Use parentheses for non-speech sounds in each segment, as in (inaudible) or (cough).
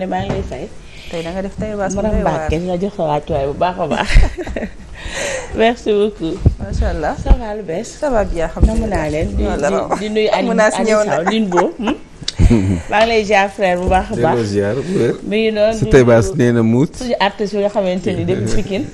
ne maa ngi a fay. tey da nga def sa a baax. (laughs) merci beaucoup. macha allah ça va lu bees. ça va bien di di nuyu Alioune Alioune Sine hmm? (laughs) lay ziar bu baax a baax. ziar bu noonu su tey baas muut. suñu artistes yi nga xamante ni depuis (laughs) Pikine.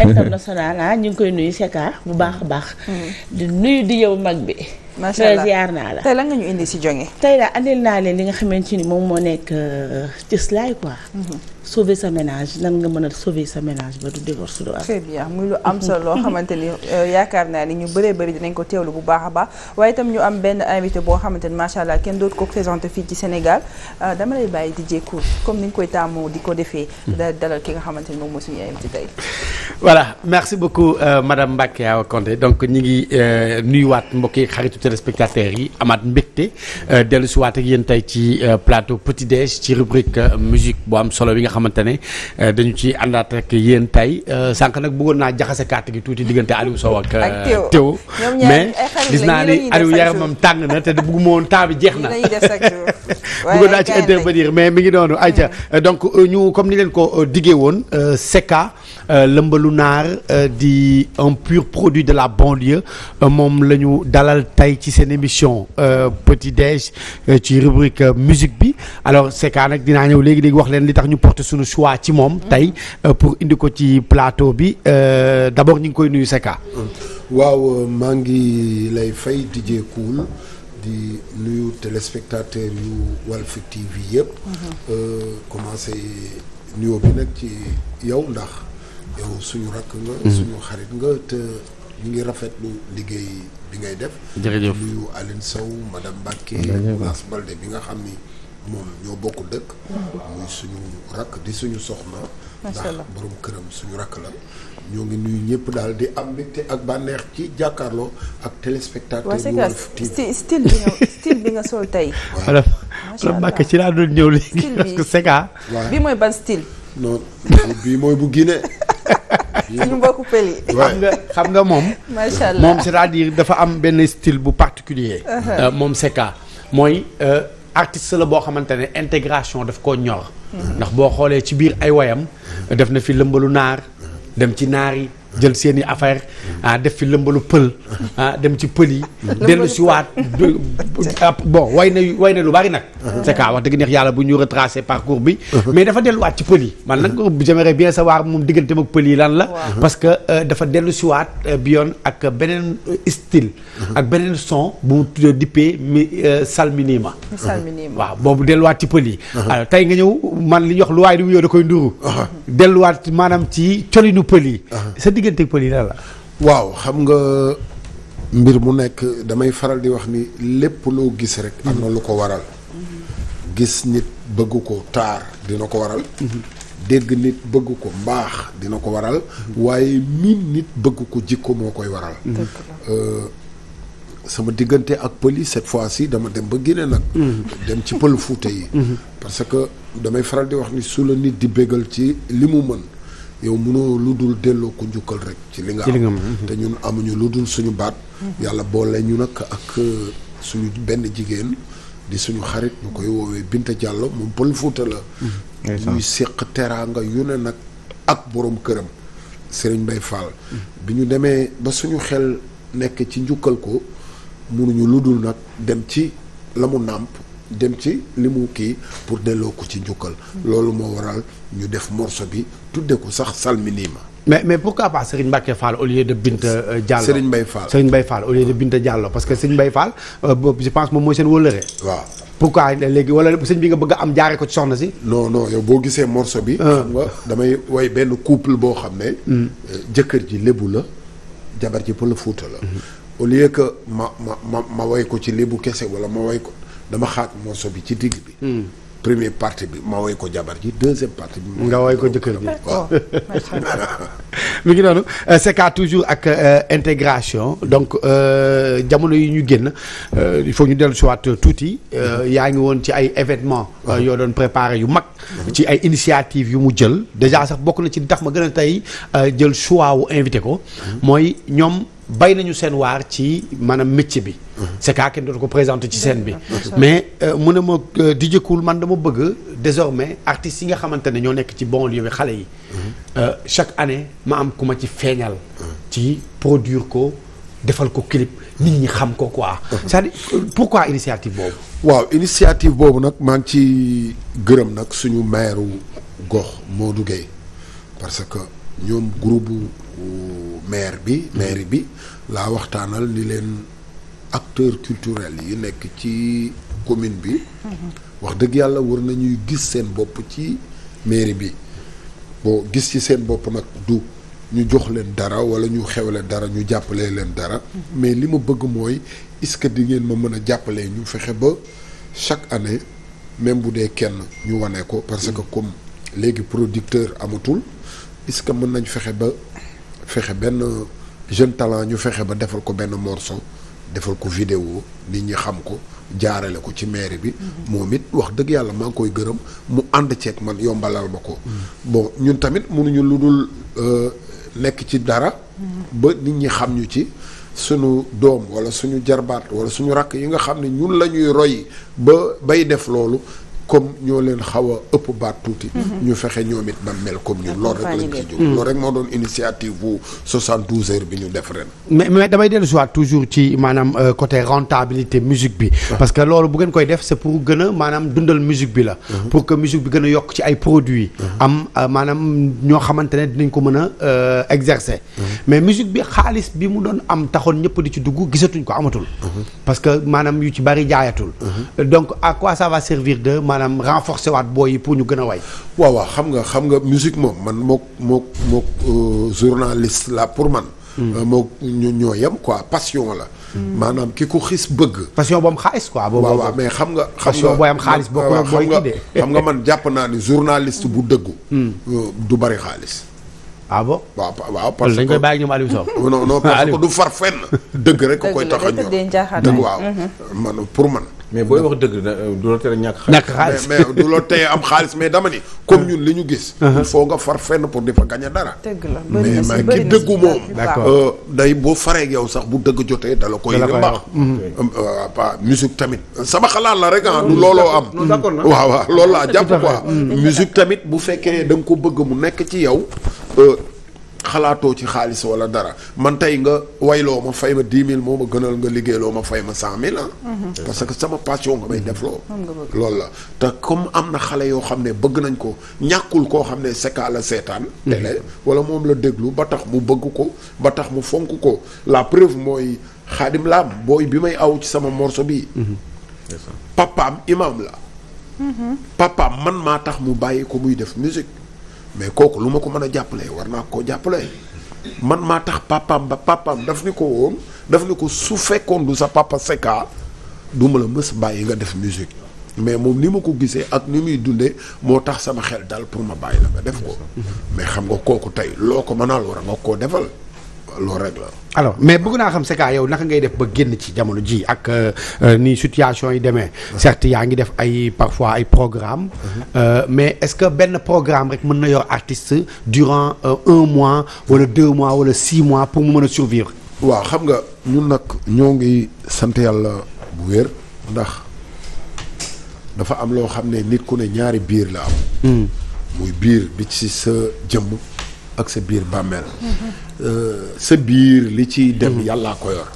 international ah, ñu ngi koy nuy Seka bu baax a baax. Hmm. di nuyu di yow mag bi. macha allah ziar naa la tey lan nga ñu indi si jonge tey la andil naa leen li nga xamante ni moom moo nekk euh, cëslaay quoi. Mm-hmm. sauver sa ménage nan nga mën a sauver sa ménage ba du divorce du am. très bien muy lu am solo loo (laughs) xamante ni euh, yaakaar naa ni ñu bëree bëri dinañ ko teewlu bu baax a baax waaye itam ñu am benn invité boo xamante ni macha allah kenn dootu ko présenté fii ci Sénégal euh, dama lay bàyyi di jékku comme ni nga koy taamu di ko defee. da dalal ki nga xamante ni moom moo suñu invité tey. voilà merci beaucoup euh, madame Mbacke Awa Konté donc ñu ngi euh, nuyuwaat mbokki xaritu téléspectateurs yi amaat mbégte dellusiwaat ak yéen tey ci plateau Petit Déj ci rubrique xamante ne euh, dañu ci àndaat rek yéen tay euh, sànq nag bëggoon naa jaxase gi euh, mais gis naa ni Aliou yaramam tàng na te bëgguma woon temps bi jeex na (laughs) bëggoon naa ci intervenir mais mi ngi noonu ayca hmm. donc ñu comme ni leen ko diggee woon Secka lëmbalu naar di un pur produit de la banlieue moom lañu ñu dalal tey ci seen émission petit déj ci rubrique musique bi alors Secka nag dinaa ñëw léegi-léegi wax leen li tax ñu porte suñu choix ci moom tey euh, pour indi ko ci plateau bi euh, d'abord ñu ngi koy nuyu Secka waaw maa ngi lay fay DJ Cool di nuyu téléspectateur yu Walf TV yëpp mhm. euh, commencé nuyoo bi nag ci yow ndax yow suñu rakk nga mhm. suñu xarit nga te ñu ngi rafetlu liggéey bi ngay def jërëjëf nuyu Aline Sow madame Mbacké Mass Balde bi nga xam ni moom ñoo bokk dëkk. muy suñu rakk di suñu soxna. macha ndax borom këram suñu rakk la. ñoo ngi nuyu ñëpp daal di am mbégte ak bànneex ci jàkkaarloo ak téléspectateur. waaw tey. (laughs) ci laa doon ñëw léegi parce que mooy ban style. non bii mooy bu Guinée. (laughs) suñu mbokku pël yi. (laughs) xam nga xam nga moom. macha allah moom cest à dafa am benn style bu particulier uh-huh. euh, moom Seka mooy. Euh, artiste la boo xamante ne intégration daf koo ñor. ndax boo xoolee ci biir ay woyam def na fi lëmbalu naar dem ci naar yi jël seeni affaire ah def fi lëmbalu pël ah dem ci pël yi dellu si waat ah, bon way na way na lu bari nag ah. c'est que wax dëgg neex yàlla bu ñu retracé parcours bi ah. mais dafa delluwaat ci pël yi man nag j'aimerais bien savoir moom diggante ak pël yi lan la parce que euh, dafa dellu si euh, bi yoon ak beneen euh, style ak beneen son bu mu tuddee dippee mi salminima waaw boobu delluwaat ci pël yi tey nga ñëw man li ñu wax lu waaye du mu yow da koy nduru delluwaat maanaam ci colinu pël yi diggante la. waaw xam nga mbir mu nekk damay faral di wax ni lépp loo gis rek. am na lu ko waral. gis nit bëgg ko taar dina ko waral. dégg nit bëgg ko mbaax dina ko waral. waaye miin nit bëgg ko jikko moo koy waral. Euh, sama diggante ak pël yi cette fois si dama dem ba Guinée nag. dem ci pël Fuuta yi. Mhm. parce que damay faral di wax ni su la nit di bégal ci li mu mën. yow mënoo lu dul delloo ko njukkal rek ci li nga am mhm. te ñun amuñu lu dul suñu baat mhm. yàlla boole ñu nag ak euh, suñu benn jigéen di suñu xarit ñu koy woowee bint Diallo moom pël Fuuta la mhm. ñuy séq teraanga yu ne nag ak boroom këram Serigne Mbaye Fall bi ñu demee ba suñu xel nekk ci njukkal ko mënuñu lu dul nag dem ci la mu nàmp dem ci li mu kii pour delloo ko ci njukkal. loolu moo waral ñu def morceau bi tudde ko sax ma mais mais pourquoi pas Serigne Mbacke Fall au lieu de Binta euh, Diallo Serigne Mbaye Fall Serigne Mbaye Fall au lieu de Binta Diallo parce que Serigne Mbaye Fall euh, boobu je pense moom mooy seen wóllëre. waaw pourquoi léegi wala sëñ bi nga bëgg am jaare ko ci soxna si. non non boo gisee morceau bi. Euh. xam damay way benn couple boo xam ne. Hmm. jëkkër ji lébu la jabar ji pël Fuuta la. Hmm. au lieu que ma ma ma ma way ko ci lébu kese wala ma way ko. dama xaat morceau bi ci digg bi. Hmm. première partie bi ma woy ko jabar ji deuxième partie bi. nga woy ko jëkkër ji waaw. ngi noonu euh, c'est toujours ak euh, intégration donc euh, jamono yi ñu génn il faut ñu dellu si waat tuuti yaa ngi woon ci ay événements. yoo doon préparé yu mag. ci ay initiative yu mu jël déjà sax bokk na ci li tax ma gën a tey jël choix wu invité ko. Mm-hmm. mooy ñoom. bay nañu seen waar ci maanaam métier bi. Mhm. c'est que kenn dootu ko présenté ci seen bi. mais euh, mu ne ma euh, di Cool man dama bëgg désormais artistes yi nga xamante ne ñoo nekk ci banlieue bi xale yi. Mhm. Euh, chaque année ma am ku ma ci feeñal. Mhm. ci produire ko defal ko clip nit ñi xam ko quoi. cest à pourquoi initiative boobu. waaw initiative boobu nag maa ngi ci gërëm nag suñu maire gox Modou Gueye parce que ñoom groupe. maire bi maire bi laa waxtaanal ni leen acteurs culturels yi nekk ci commune bi wax dëgg yàlla war nañuy gis seen bopp ci mairie bi boo gis ci seen bopp nag du ñu jox leen dara wala ñu xewle dara ñu jàppale leen dara mais li ma bëgg mooy est-ce que di ngeen ma mën a jàppalee ñu fexe ba chaque année même bu dee kenn ñu wane ko parce que comme léegi producteur amatul est-ce que mën nañ fexe ba fexe benn jeune talent ñu fexe ba defal ko benn morceau defal ko vidéo nit ñi xam ko jaarale ko ci mairie bi. Mm-hmm. moom it wax dëgg yàlla maa ngi koy gërëm mu ànd ceeg man yombalal ma ko. Mm-hmm. bo ñun tamit munuñu lu dul nekk euh, ci dara. Mm-hmm. ba nit ñi xam ñu ci suñu doom wala suñu jarbaat wala suñu rakk yi nga xam ne ñun la ñuy roy ba bay def loolu comme ñoo leen xaw a ëpp baat tuuti. Mhm. ñu fexe ñoom it ba mel comme ñun. loolu rek lañ ci jóg mhm. loolu rek moo doon initiative bu 72 heures bi ñu def ren. mais mais damay dellu si waat toujours ci maanaam euh, côté rentabilité musique bi. Ah. parce que loolu bu ngeen koy def c'est pour gën a maanaam dundal musique bi la. Mhm. pour que musique bi gën a yokk ci ay produits. am euh, maanaam ñoo xamante ne dinañ ko mën a euh, exercer. mais musique bi xaalis bi mu doon am taxoon ñëpp di ci dugg gisatuñ ko amatul. parce que maanaam yu ci bari jaayatul. donc à quoi ça va maanaam renforcer waat booy yi pour ñu gën a way waaw waaw xam nga xam nga musique moom man mook mook mook euh, journaliste la pour man hmm. euh, moo ñu ñoo yem quoi passion la hmm. maanaam ki ko xis bëgg passion boobu xaalis quoi boobu waaw mais xam nga passion booy am xaalis bokk na booy kii de xam nga man jàpp naa ni journaliste bu dëggu (laughs) hmm. euh, du bari xaalis ah bon waaw waaw (laughs) parce que dañ koy bàyyi ak far fenn dëgg rek koy tax a ñor dëgg waaw mm-hmm. man pour man mais booy wax dëgg euh, du la tere ñàkk xaalis mais du la teye am xaalis mais dama ni comme ah. ñun li ñu gis ah. foo nga far fenn pour di fa a dara mais mais ki dëggu moom euh, day boo fareeg yow sax bu dëgg jotee da la koy baax mhm. euh, pa tamit sama xalaat la rek ah du mhm. looloo am waaw waaw loolu laa (laughs) jàpp quoi mhm. musique tamit bu fekkee da nga ko bëgg mu nekk ci yow xalaatoo ci xaalis wala dara man tey nga wayloo ma fay ma dix mille moo ma gënal nga liggéeyloo ma fay ma cent mil ah mhm. parce que sama passion nga may defloo loolu la te comme am na xale yoo xam ne bëgg nañ ko ñàkkul koo xam ne Secka la seetaan mhm. télé wala moom la déglu ba tax mu bëgg ko ba tax mu fonk ko la preuve mooy xaadim laam booy bi may aw ci sama morso bi mhm. papaam imam la papaam man maa tax mu bàyyi ko muy def musique mais kooku lu ma ko mën a jàppalee war naa koo jàppalee man maa tax papaam ba papaam daf ni ko woon daf ni ko su fekkoon du sa papa Secka du ma la mës bàyyi nga def musique mais moom ni ma ko gisee ak ni muy dundee moo tax sama xel daal pour ma bàyyi la nga def ko mais xam nga kooku tey loo ko mënaal war a nga koo defal loolu rek la. alors mais bëgg naa xam sa kaa naka ngay def ba génn ci jamono jii ak euh, euh, ni situation yi demee. certes yaa ngi def ay parfois ay programme mhm. euh, mais est-ce que benn programme rek mën na yor artiste durant un mois wala deux mois wala six mois pour mu mën a survivre. waaw xam nga ñun nag ñoo ngi sant yàlla bu wér ndax dafa am loo xam ne nit ku ne ñaari biir la am. Hmm. muy biir bi ci sa jëmm. ak sa biir bàmmeel euh, sa biir li ci dem mhm. yàllaa ko yor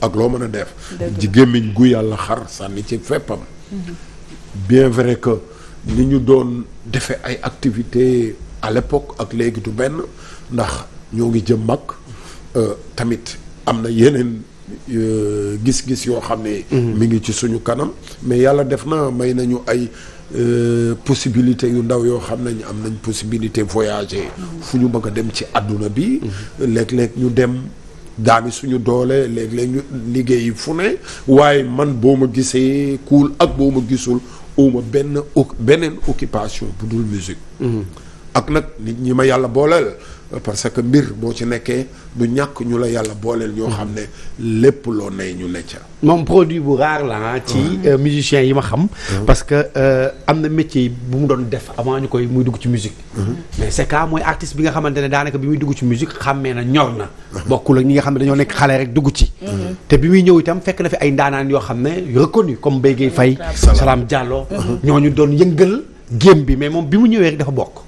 ak loo mën a def ji gémmiñ gu yàlla xar sànni ci feppam mhm. bien vrai que ni ñu doon defe ay activités à l'époque ak léegi du benn ndax ñoo ngi jëm mag euh, tamit am na yeneen euh, gis-gis yoo xam ne mhm. mi ngi ci suñu kanam mais yàlla def na may nañu ay Euh, possibilité yu ndaw yoo xam nañ am nañ possibilité voyager fu ñu bëgg a dem ci àdduna bi mhm. léeg-léeg ñu dem daani suñu doolee léeg-léeg ñu liggéeyi fu ne waaye man boo ma gisee kuul ak boo ma gisul uma benn beneen occupation bu dul musique mhm. ak nag nit ñi ma yàlla booleel parce que mbir boo ci nekkee du ñàkk ñu la yàlla booleel ñoo xam ne lépp loo nay ñu ne moom produit bu raar la ah ci euh, musiciens yi ma xam. parce que euh, am na métier bu mu doon def avant ñu koy muy dugg ci musique. mais c'est cas mooy artiste bi nga xamante ne daanaka bi muy dugg ci musique xàmmee na ñor na. bokkul ak ñi nga xam ne dañoo nekk xale rek dugg ci. te bi muy ñëw itam fekk na fi ay ndaanaan yoo xam ne reconnu comme Mbaye Guèye Faye. Salam Diallo. ñooñu doon yëngal. géem bi mais moom bi mu ñëwee dafa bokk.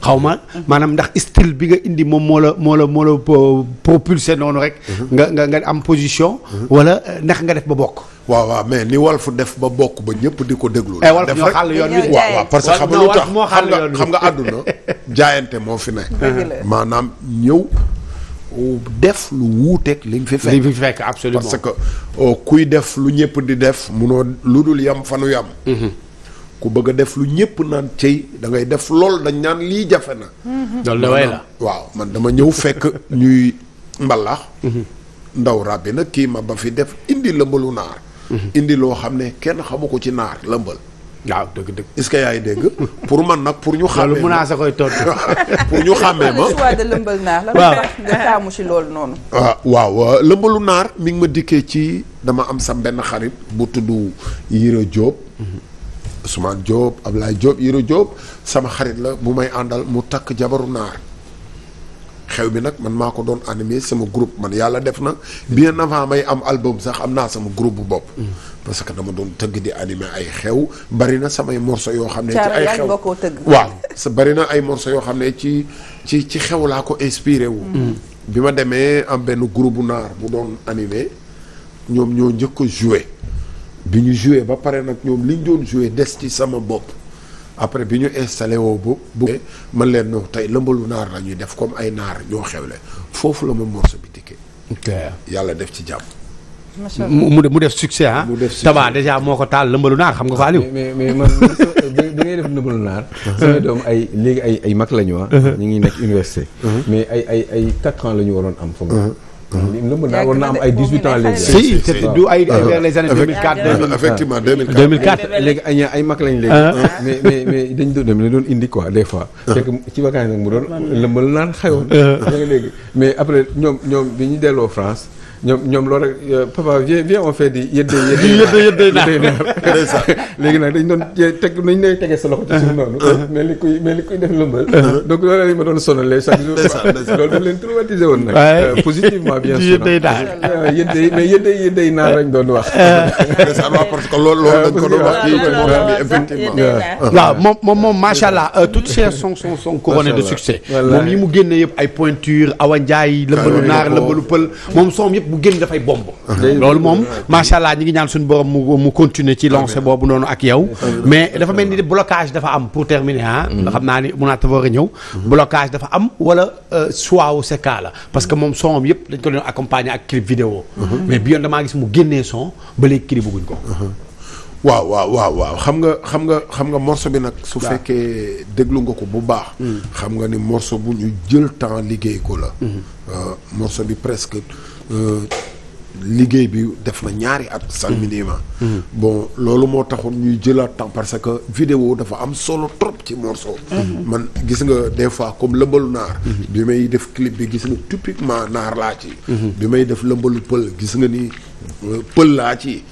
xaw ma maanaam ndax style bi nga indi moom moo la moo la moo la euh, propulsé noonu rek. Mhm. nga nga nga am position. Mhm. wala euh, ndax nga def ba bokk. waaw waaw mais ni fu def ba bokk ba ñëpp di ko déglu. Eh, def rek ñoo xàll waaw parce que xam nga lu tax xam nga xam nga àdduna (laughs) jaayante moo fi ne. Mhm. maanaam ñëw. def lu wuuteeg liñ li fekk. liñ fi fekk absolument parce que oh, kuy def lu ñëpp di def munoo lu dul yam fanu yam. ku bëgg a def lu ñëpp naan cey da ngay def lool dañ naan lii jafe na. loolu waaw man dama ñëw fekk ñuy mbalax. Mhm. ndaw ràbbi nag kii ma ba fi def indi lëmbalu naar. Mhm. indi loo xam ne kenn xamu ko ci naar lëmbal. waaw dëgg dëgg est yaay dégg pour man nag pour ñu. xàmmee ma loolu (laughs) ñu xàmmee ma. lëmbal naar lan nga taamu ci loolu noonu. Ah, waaw lëmbalu naar mi ngi ma dikkee ci dama am sa benn xarit bu tuddu Yiro Diop. Mhm. Ousmane Diop Ablaye Diop Yero Diop sama xarit la bu may àndal mu takk jabaru naar xew bi nag man maa ko doon animé sama groupe man yàlla def na bien avant may am album sax am naa sama groupe bu bopp. parce que dama doon tëgg di animé ay xew bari na samay morceau yoo xam ne. ci ay xew waaw sa bari na ay morceau yoo xam ne ci ci ci xew laa ko inspiré wu. Mm. bi ma demee am benn group bu naar bu doon animé ñoom ñoo njëkk a joué. bi ñu joué ba pare nag ñoom li ñu doon joué des ci sama bopp après bi ñu installé woo bu bu man leen no tey lëmbalu naar la ñuy def comme ay naar ñoo xewle foofu la ma morceau bi dikkee. yàlla def ci jàmm. mu mu def succès ah. mu def succès dèjà moo ko taal lëmbalu naar xam nga ko Aliou. mais mais man bi ngay def lëmbalu naar. Uh-huh. samay doom ay léegi ay ay mag la ñu ah. Uh-huh. ñu ngi nekk université. Uh-huh. mais ay ay ay quatre ans la ñu waroon am. foog lëmb daal war na am ay 18 ans léegi. si du ay vers ah. les années léegi ay mag lañ léegi. Ah. mais mais dañ doon dem la doon indi quoi des fois. Ah. fekk ci vacances nag mu doon lëmbal naan xayoon. mais après ñoom ñoom bi ñu delloo France. ñoom ñoom loolu rek euh, papa viens viens on fait di yëdde yëdde yëdde naar léegi nag dañ doon teg nañ lay tegee sa loxo ci suuf noonu mais uh-huh. (laughs) li kuy mais li kuy def lëmbal uh-huh. donc loolu lañ ma doon sonalee chaque jour loolu daf leen traumatisé woon nag euh, positivement bien sûr yëddey naar euh, yëddey mais yëddey yëddey naar lañ doon wax ndeysaan waaw parce que loolu loolu dañ ko doon wax ci moom bi effectivement waaw moom moom moom macha allah toutes ces sont sont sont couronnées de succès moom yi mu génne yëpp ay pointure Awa Ndiaye lëmbalu naar lëmbalu pël moom soom yëpp bu génn dafay bomb loolu moom macha allah ñi ngi ñaan suñu borom mu mu continuer ci lancé boobu noonu ak yow mais dafa mel ni blocage dafa am pour terminer ah mhm. xam naa ni mun naa war a ñëw mhm. blocage dafa am wala soawu euh, Secka la parce que moom son yëpp dañ ko doon accompagner ak clip vidéo mhm. mais bi yoon damaa gis mu génnee son ba léegi clip bëgguñ ko waaw waaw waaw waaw xam nga xam nga xam nga morceau bi nag su fekkee déglu nga ko bu baax xam nga ni morceau bu ñu jël temps liggéey ko la euh, morceau bi presque Euh, liggéey bi def na ñaari at. sax minimum. Mm-hmm. Mm-hmm. bon loolu moo taxoon ñuy jëlaat temps parce que vidéo dafa am solo trop ci morceau. Mm-hmm. man gis nga des fois comme lëmbalu naar. bi may def clip bi gis nga typiquement naar laa ci. bi may def lëmbalu pël gis nga ni euh, pël laa ci.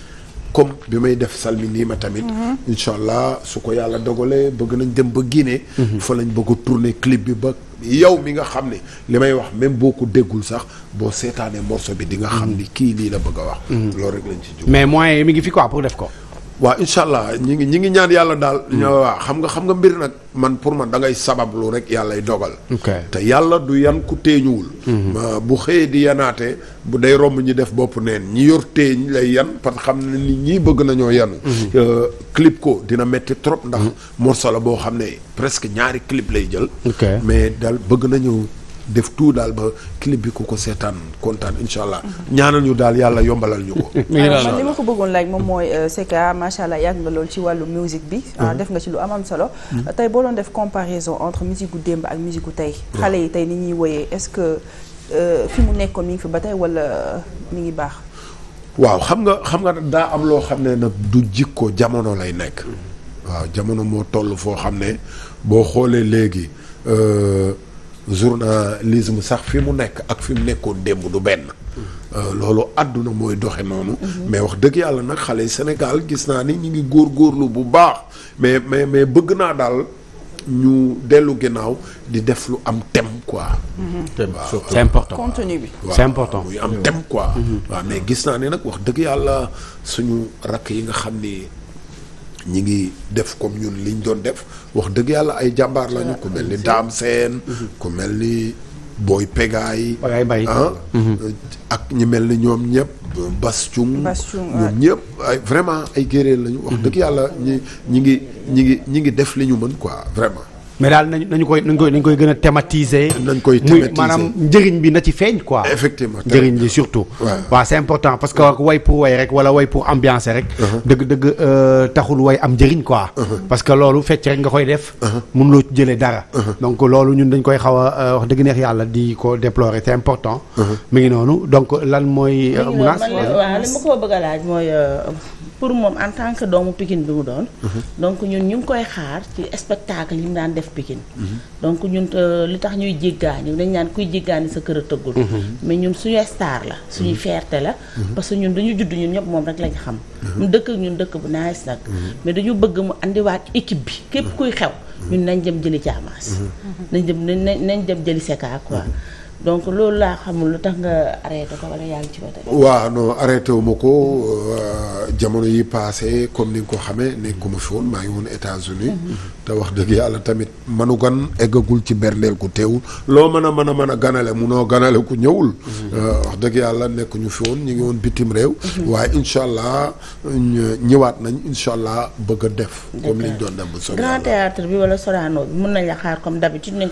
comme bi may def salmi salmini ma tamit. Mhm. incha allah su ko yàlla dogalee bëgg nañ dem ba Guinée. Mhm. fa lañ bëgg a tourner clip bi ba. yow mi nga xam ne li may wax même boo ko déggul sax boo seetaanee morceau bi di nga xam mhm. ni kii lii la bëgg a wax. loolu rek lañ ci jóg mais moyens yi ngi fi quoi pour def ko. waaw incha allah ñi ngi ñi ngi ñaan yàlla daal mm. ñoo waaw xam nga xam nga mbir nag man pour man dangay ngay sabablu rek yàllay dogal te yàlla du yan ku téeñuwul mm-hmm. bu xëyee di yanaate bu day romb ñi def bopp neen ñi yor teeñ lay yan parce que xam ne nit ñii bëgg nañoo yanu mm-hmm. euh, clip ko dina metti trop ndax mm-hmm. morceau la boo xam ne presque ñaari clip lay jël mais daal bëgg nañu def tout daal ba clip bi ku ko seetaan kontaan incha allah. ñaanal ñu daal yàlla yombalal ñu ko. (laughs) man ma ko bëggoon laaj moom mooy euh, Secka ah, macha allah yàgg nga lool ci wàllu musique bi. Ah, mhm. def nga ci lu am am solo. Mhm. tey boo doon def comparaison entre musique gu démb ak musique gu tey. xale yi tey ni ñuy woyee est-ce que euh, fi mu nekkoon mi ngi fi ba tey wala mi ngi baax. waaw xam nga xam nga daa am loo xam ne nag du jikko jamono lay nekk. Mm. waaw jamono moo toll foo xam ne boo xoolee léegi. Euh, journalisme sax fi mu nekk ak fi mu nekkoon démb du benn mm-hmm. euh, loolu àdduna mooy doxe noonu mm-hmm. mais wax dëgg yàlla nag xale Sénégal gis naa ni ñu ngi góor góorlu bu baax mais mais mais bëgg naa daal ñu dellu ginnaaw di def lu am thème quoi. Mm-hmm. thème important contenu am thème quoi. waaw mais gis naa ni nag wax dëgg yàlla suñu rakk yi nga xam ni ñi ngi def comme ñun liñ doon def. wax dëgg yàlla ay jàmbaar lañu ku mel ni Dame Sène mhm. ku mel ni Boy Pegaay ah mhm. ak ñi mel ni ñoom ñëpp Bass Thioung ñoom ñëpp ay vraiment ay géréel lañu wax mhm. dëgg yàlla ñi ñi ngi ñi ngi ñi ngi def li ñu mën quoi vraiment mais daal nañu nañu koy nañu koy koy gën a thématiser. nañu koy thématiser muy maanaam njëriñ bi na ci feeñ quoi. effectivement bi surtout. waaw c'est important parce que way pour way rek wala way pour ambiance rek. Uh-huh. dëgg dëgg euh, taxul way am njëriñ quoi. Uh-huh. parce que loolu fecc rek nga koy def. Uh-huh. mënuloo ci jëlee dara. donc loolu ñun dañ koy xaw a euh, wax dëgg neex yàlla di ko déplorer c'est important. mi ngi noonu donc lan mooy. Euh, menace waaw li ma ko bëgg a laaj pour moom en tant que doomu pikin bi mu doon. Mhm. donc ñun ñu ngi koy xaar ci spectacle yi mu daan def Pikine. Mhm. donc ñun li tax ñuy jéggaani dañ naan kuy jéggaani sa kër a tëggul. Mhm. mais ñun suñu star la suñu fierté la. parce que ñun dañu judd ñun ñëpp moom rek lañ xam. mu dëkk ñun dëkk bu nice nag. mais dañu bëgg mu indiwaat équipe bi képp kuy xew. ñun nañ dem jëli caamaas. nañ dem nañ dem jëli seka quoi. donc loolu laa xamul lu tax nga arrêté ko wala yaa ngi waaw non arrêté wu ma ko euh, jamono yi passé comme ni nga ko xamee nekkuma fi woon maa ngi woon États-Unis mhm. te wax dëgg yàlla tamit manu gan eggagul ci berndeel ku teewul loo mën a mën a mën a ganale noo ganale ku ñëwul. Mhm. Euh, wax dëgg yàlla nekkuñu fi woon ñu ngi woon bitim réew. Mhm. waaye incha allah ñëwaat nañ incha allah bëgg a def. comme liñ doon def bu soobee grand théâtre bi wala Sorano bi mun nañ la comme d'habitude ni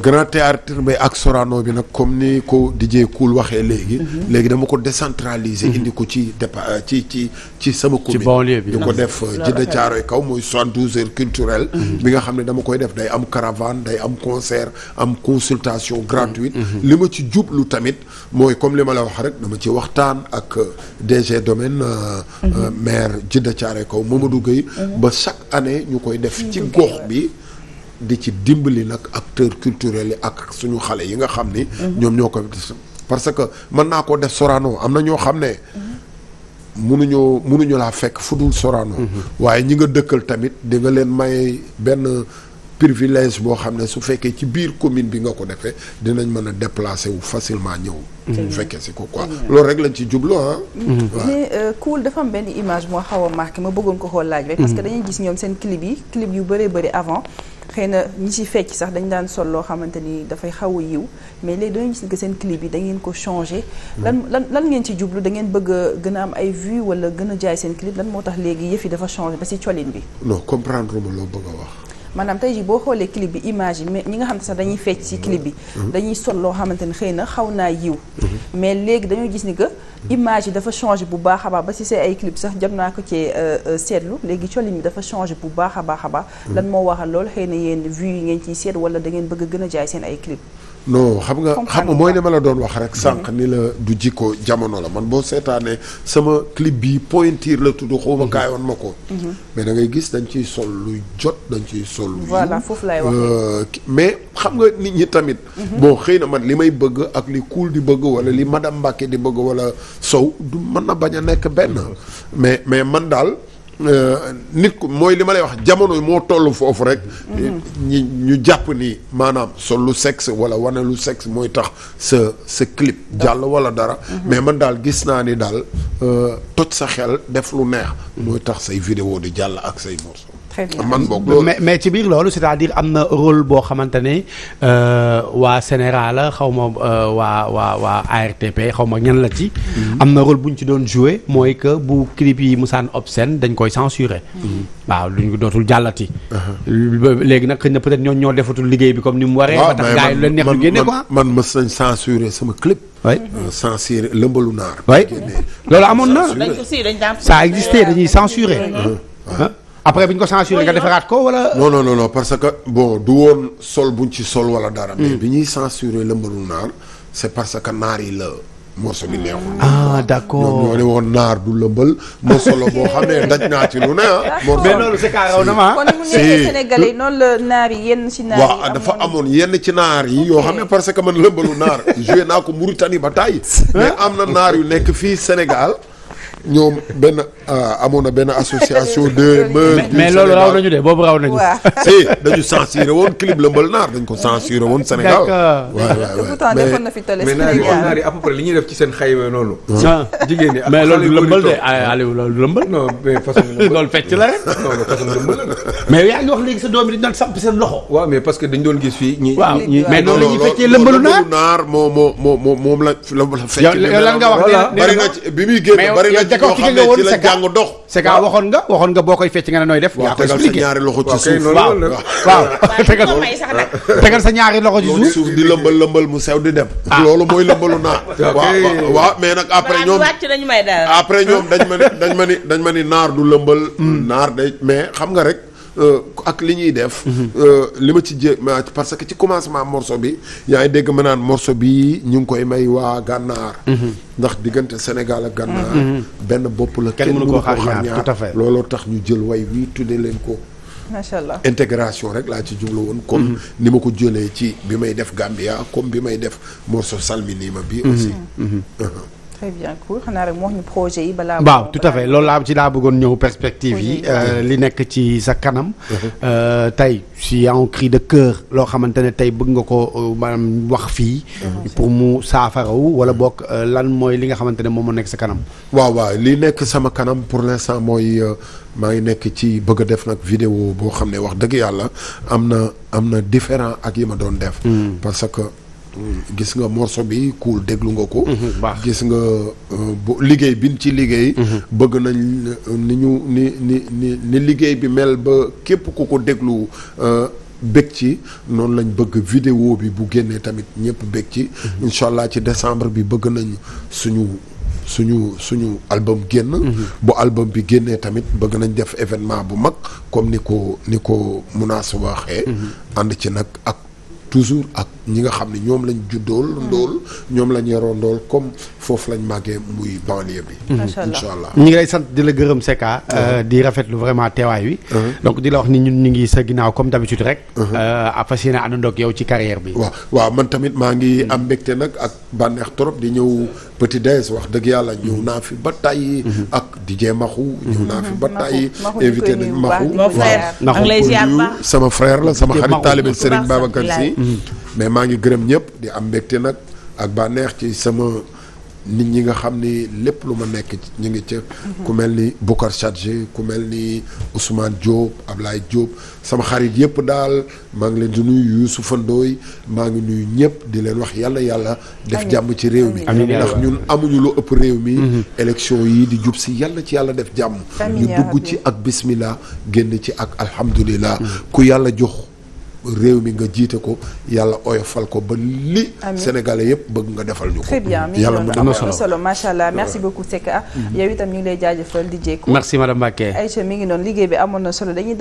grand théâtre mbay ak Sorano bi nag comme ni ko DJ Cool waxee léegi. Mhm. léegi dama ko décentraliser. Mhm. indi ko ci dépa euh, ci ci ci sama. commune ci banlieue bi di ko ah. def euh, Djiddah Thiaroye Kaw mooy soixante-douze heures culturelles. Mhm. bi nga xam ne dama koy def day am caravane day am concert am consultation gratuite. li ma ci jublu tamit mooy comme li ma la wax rek dama ci waxtaan ak euh, DG domaine. maire Djiddah Thiaroye Kaw Mamadou Gueye ba chaque année ñu koy def ci gox bi. di ci dimbali nag acteur culturels yi ak suñu xale yi nga xam ni. Mhm. ñoom ñoo ko parce que mën naa koo def Sorano am na ñoo xam ne. Mhm. munuñoo munuñu laa fekk fu dul Sorano. Mhm. waaye ñi nga dëkkal tamit di leen may benn privilège boo xam ne su fekkee ci biir commune bi nga ko defee dinañ mën a déplacer wu facilement ñëw. bu fekkee si ko quoi loolu rek lañ ci jublu ah. mais euh, Cool dafa am benn image moo xaw a marqué ma bëggoon ko xool laaj rek. parce que dañuy gis ñoom seen clip yi clip yu bëree bëri avant. xëy na ñi ci fecc sax dañ daan sol loo xamante ni dafay xaw a yiw mais léegi dañu gis que seen clip yi da ngeen ko changé. lan lan lan ngeen ci jublu da ngeen bëgg gën a am ay vues wala gën a jaay seen clip lan moo tax léegi yëf yi dafa changé ba si colin bi. non comprendre ma loo bëgg a wax. maanaam tey jii boo xoolee clip bi image yi mais ñi nga xam ne sax dañuy fecc ci clip bi mhm. dañuy sol loo xamante ne xëy na xaw naa yiw mhm. mais léegi dañoo gis ni que mhm. image yi dafa changé bu baax a baax ba si ay clip sax jot naa ko cee euh, euh, seetlu léegi colin bi dafa changé bu baax a baax a baax lan moo waxal lool xëy na yéen vues yi ngeen ciy seet wala da ngeen bëgg a gën a jaay seen ay clip no xam nga xam nga mooy ne ma la doon wax rek sànq mm-hmm. ni la du jikko jamono la man boo seetaanee sama clip bi pointir la tudd xaw ma mm-hmm. ma ko. Mm-hmm. mais da ngay gis dañ ciy sol luy jot dañ ciy sol. voilà foofu lay waxee euh, mais xam nga nit ñi tamit. bon xëy na man li may bëgg ak li kuul di bëgg wala li madame Mbacke di bëgg wala Sow du mën na bañ a nekk benn mais mais man daal. Euh, nit ku mooy li ma lay wax jamono moo toll foofu rek. ñi ñu jàpp ni maanaam sol lu sexe wala wane lu sex mooy tax sa sa clip. jàll wala dara. mais man daal gis naa ni daal euh, toj sa xel def lu neex. mooy tax say vidéo di jàll ak say morceau. man boog mais mais ci biir loolu c'est-à-dire am na rôle boo xamante ne euh, waa Sénégal la xaw ma euh, waa waa waa ARTP xaw ma ñan la ci. Mhm. am na rôle bu ñu ci doon joué mooy que bu clip yi musaan obscène dañ koy censuré. Mhm. waaw duñ ko dootul jàllati. Uh-huh. léegi nag xëy na peut-être ñooñu ñoo defatul liggéey bi comme ni mu waree. Ah, ba tax gars yi lu neex du génne quoi man mës nañ censuré sama clip. oui euh, censuré lëmbalu naar. oui loolu amoon na. dañ ko si dañ daan ça existait dañuy censuré. après bi ñu ko censuré nga defaraat ko wala. non non non parce que bon du woon sol buñ ci sol wala dara. mais hmm. bi ñuy censuré lëmbalu naar c'est parce que naar yi la. morceau bi neexul. ah woon naar du lëmbal morceau la boo xam ne daj naa ci ne ah. mais loolu c'est carrément na noonu la naar yi yenn ci naar yi. dafa amoon yenn ci naar yi yoo xam ne parce que man lëmbalu naar joué naa ko Mauritanie ba tàyyi. (laughs) mais am na naar yu nekk fii Sénégal. ñoom benn euh, amoon na benn association de mœurs (laughs) mais loolu raw nañu de boobu raw nañu (laughs) eh, dañu censuré woon clip la naar dañ ko censuré woon Sénégal pourtant def ci seen xayma ah. mais loolu lëmbal de Aliou loolu lëmbal (laughs) loolu fecc la rek mais yaa ngi wax léegi sa doom yi dañ doon que dañ doon gis fii ñi waaw mais noonu la feccee lëmbalu naar moom la fecc yow nga wax bari na bi muy génn bari na tegal tike nga woon c'est nga waxoon nga boo koy fecc nga ne def yaa ko expliqué ñaari loxo ci suuf (laughs) waaw waaw tegal tegal sa ñaari loxo ci suuf suuf di lëmbal lëmbal mu sew di dem ah. (laughs) loolu mooy lëmbalu naa (laughs) waaw waaw mais nag après ñoom après ñoom dañ ma ni dañ ma ni dañ ma ni naar du lëmbal hmm. naar day mais xam nga rek Euh, ak li ñuy def. Mhm. Euh, li ma ci jé parce que ci commencement morso bi yaa ngi dégg ma naan morso bi ñu ngi koy may waa gànnaar. Mhm. ndax diggante Sénégal ak gànnaar. Mhm. benn bopp la kenn mënu ko xaar ñaar tout à looloo tax ñu jël way wi tuddee leen ko. macha allah intégration rek laa ci jublu woon. comme ni ma ko jëlee ci bi may def Gambia comme bi may def morceau Salminima bi aussi. Uh-huh. très moo ñu projet yi balaa. waaw tout à fait loolu laa ci laa bëggoon ñëw perspective yi euh, li nekk ci sa kanam. Mhm. Euh, tey si y a un de cœur loo xamante ne tey bëgg nga ko euh, maanaam wax fii. Mhm. pour mu saafaraw wala bokk lan mooy li nga xamante ne moom moo nekk sa kanam. waaw waaw li nekk sama kanam pour l'instant mooy maa ngi nekk ci bëgg def nag vidéo boo xam ne wax dëgg yàlla am na am na différent ak yi ma doon def. Hmm. parce que. gis nga morceau bi cool déglu nga ko. Mhm, gis nga euh, liggéey biñ ci liggéey. Mhm. bëgg nañ euh, ni ñu ni ni liggéey bi mel ba képp ku ko déglu. Euh, bég ci noonu lañ bëgg vidéo bi bu génnee tamit ñëpp bég ci. Mhm. incha allah ci décembre bi bëgg nañ suñu suñu suñu album génn. bu album bi génnee tamit bëgg nañ def événement bu mag comme ni ko ni ko Munaas waxee. ànd ci nag ak. toujours ak ñi nga xam ne ñoom lañ juddool mm-hmm. ndool ñoom lañ yaroo ndool comme foofu lañ màggee muy banlieue bi mm-hmm. incha allah ñi ngi lay sant di la gërëm Secka euh, di rafetlu vraiment teewaay wi uh-huh. donc di la wax ni ñun ñu ngi sa ginnaaw comme d'habitude rek uh-huh. euh, a fas yéene àndandoog yow ci carrière bi waaw waaw man tamit maa ngi am mbégte nag ak bànneex trop di ñëw Petit Dès wax dëgg yàlla ñëw naa fi ba tàyyi mhm. ak DJ Maxu ñëw naa fi ba mhm. tàyyi invité nañ Maxu waaw sama frère la sama xarit taalibe Serigne Babacar Sy mais maa ngi gërëm ñëpp di am mbégte nag ak banneex ci sama nit ñi nga xam ni lépp lu ma nekk ñu ngi ca. ku mel ni Boucar Chadji ku mel ni Ousmane Diop Ablaye Diop sama xarit yëpp daal maa ngi leen di nuyu Youssoufa Ndoye maa ngi nuyu ñëpp di leen wax yàlla yàlla def jàmm ci réew mi ndax ñun amuñu lu ëpp réew mi mm-hmm. élection yi di jub si yàlla ci yàlla def jàmm ñu dugg ci ak bismillah génn ci ak alhamdulillah mm-hmm. ku yàlla jox réew mi nga jiite ko yàlla oyofal ko ba li sénégalais yëpp bëgg nga defal ñu ko très bien mi yàlla mu am na solo macha allah merci beaucoup Secka mhm. yow itam ñu lay jaajëfal di jeeku merci madame Mbacké Aïcha mi ngi noonu liggéey bi amoon na solo dañuy